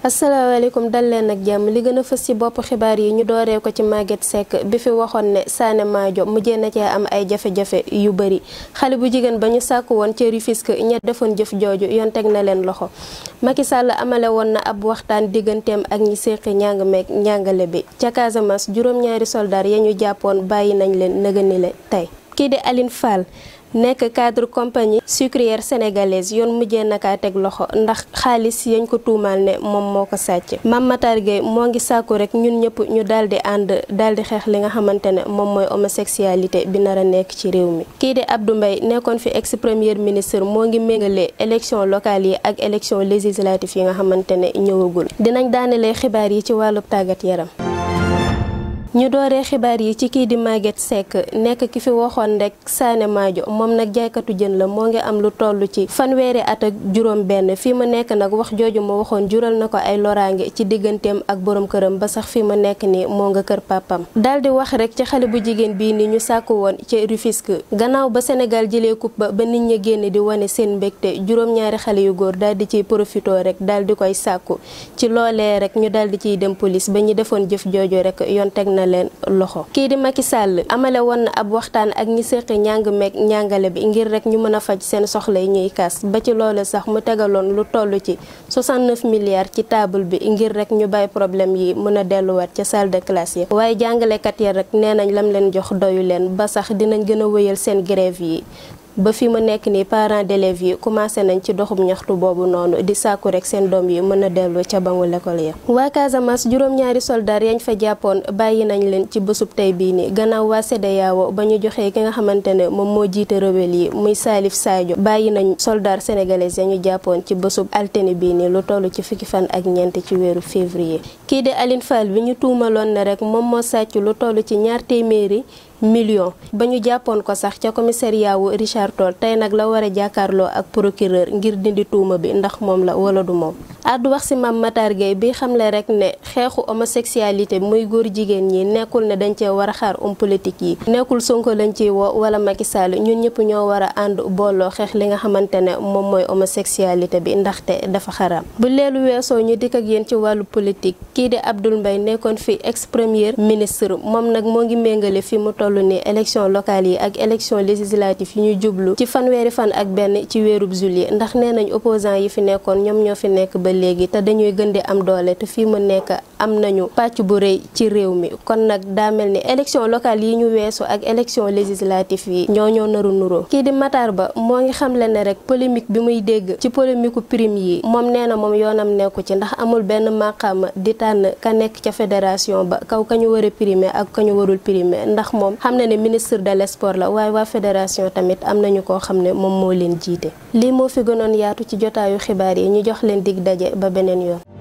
asalaamaaleykum dal leen ak jàmm li gën a fës ci bopp xibaar yi ñu dooree ko ci Maguette Seck bi fi waxoon ne Sané Madio mujjee na cee am ay jafe-jafe yu bëri xale bu jigéen ba ñu sàkk woon ci Rufisque ña defoon jëf jooju yoon teg na leen loxo Macky Sall amale woon na ab waxtaan digganteem ak ñi séqi ñàng meeg ñàngale bi ca Casamance juróom-ñaari soldaar ya ñu jàppoon bàyyi nañ leen nëgëni le tey kii di Aline Fall nekk cadre compagnie sucrière sénégalaise yoon mujjee naka teg loxo ndax xaalis yañ ko tuumaal ne moom moo ko sàcc Mame Matar moo ngi sàkku rek ñun ñëpp ñu daal di ànd daal di xeex li nga xamante ne moom mooy homosexualité bi nar a nekk ci réew mi kii di Abdou mbay nekkoon fi ex premier ministre moo ngi méngale élection locale yi ak élection législative yi nga xamante ne ñëwagul dinañ daanelee xibaar yi ci wàllu tàggat yaram ñu dooree xibaar yi ci kii di Maguette Seck nekk ki fi waxoon rek Sané Madio moom nag jaaykatu jën la moo ngi am lu toll ci fanweeri at ak juróom benn fii ma nekk nag wax jooju ma waxoon jural na ko ay loraange ci digganteem ak boroom këram ba sax fii ma nekk ni moo nga kër pàppam daal di wax rek ci xale bu jigéen bii ni ñu sàkku woon ci Rufisque gannaaw ba Sénégal jëlee coupe ba ba nit ñi génn di wane seen mbégte juróom-ñaari xale yu góor daal di ciy profitoo rek daal di koy sàkku ci loolee rek ñu daal di ciy dem police ba ñu defoon jëf jooju rek yoon teg na na leen loxo kii di ma ki Sall amale woon na ab waxtaan ak ñi séqi njàng meeg njàngale bi ngir rek ñu mën a faj seen soxla yi ñuy kaas ba ci loole sax mu tegaloon lu toll ci 69 milliards ci taabal bi ngir rek ñu bàyyi problème yi mën a delluwaat ca salle de classe yi waaye jàngalekat ya rek nee nañ lam leen jox doyu leen ba sax dinañ gën a wéyal seen grève yi ba fi mu nekk nii parent d'élèves yi commencé nañ ci doxub ñaxtu boobu noonu di saaku rek seen doom yi mën a dellu ca bangu lekkool ya waa Casamance juróom-ñaari soldats yañ fa jàppoon bàyyi nañ leen ci bësub tey bii nii gannaaw waa CEDEAO ba ñu joxee ki nga xamante ne moom moo jiite rebelle yi muy Salif Sadio bàyyi nañ soldats sénégalais ya ñu jàppoon ci bésub altine bii nii lu toll ci fukki fan ak ñeent ci weeru février kii de Aline Fall bi ñu tuumaloon ne rek moom moo sàcc lu toll ci ñaar téeméeri million ba ñu jàppoon ko sax ca commissariat wu Richard Toll tey nag la war a jàkkaarloo ak procureur ngir dindi tuuma bi ndax moom la wala du moom addu wax ci Mame Matar Gueye bi xamle rek ne xeexu homosexualité muy góor jigéen ñi nekkul ne dañ cee war a xaar homme politique yi nekkul Sonko lañ ciy woo wala Macky Sall ñun ñëpp ñoo war a ànd booloo xeex li nga xamante ne moom mooy homosexualité bi ndaxte dafa xaram bu leelu weesoo ñu dikk ak yéen ci wàllu politique kii di Abdoul mbay nekkoon fi ex premier ministre moom nag moo ngi méngale fi mu toll ni élection locale yi ak élection législative yi ñu jublu ci fanweeri fan ak benn ci weerub juillet ndax nee nañ opposant yi fi nekkoon ñoom ñoo fi nekk ba léegi te dañuy gën di am doole te fii mu nekk am nañu pàcc bu rëy ci réew mi kon nag daa mel ni élection locale yi ñu weesu ak élection législative yi ñoo ñoo naru nuroo kii di Matar Ba moo ngi xam xamle ne rek polémique bi muy dégg ci polémique prime yi moom nee na moom yoonam nekku ci ndax amul benn maqaam di tànn ka nekk ca fédération ba kaw ka ñu war a primer ak ka ñu warul primer ndax moom xam na ne ministre de l'esport la waaye waa fédération tamit am nañu koo xam ne moom moo leen jiite ba beneen yoon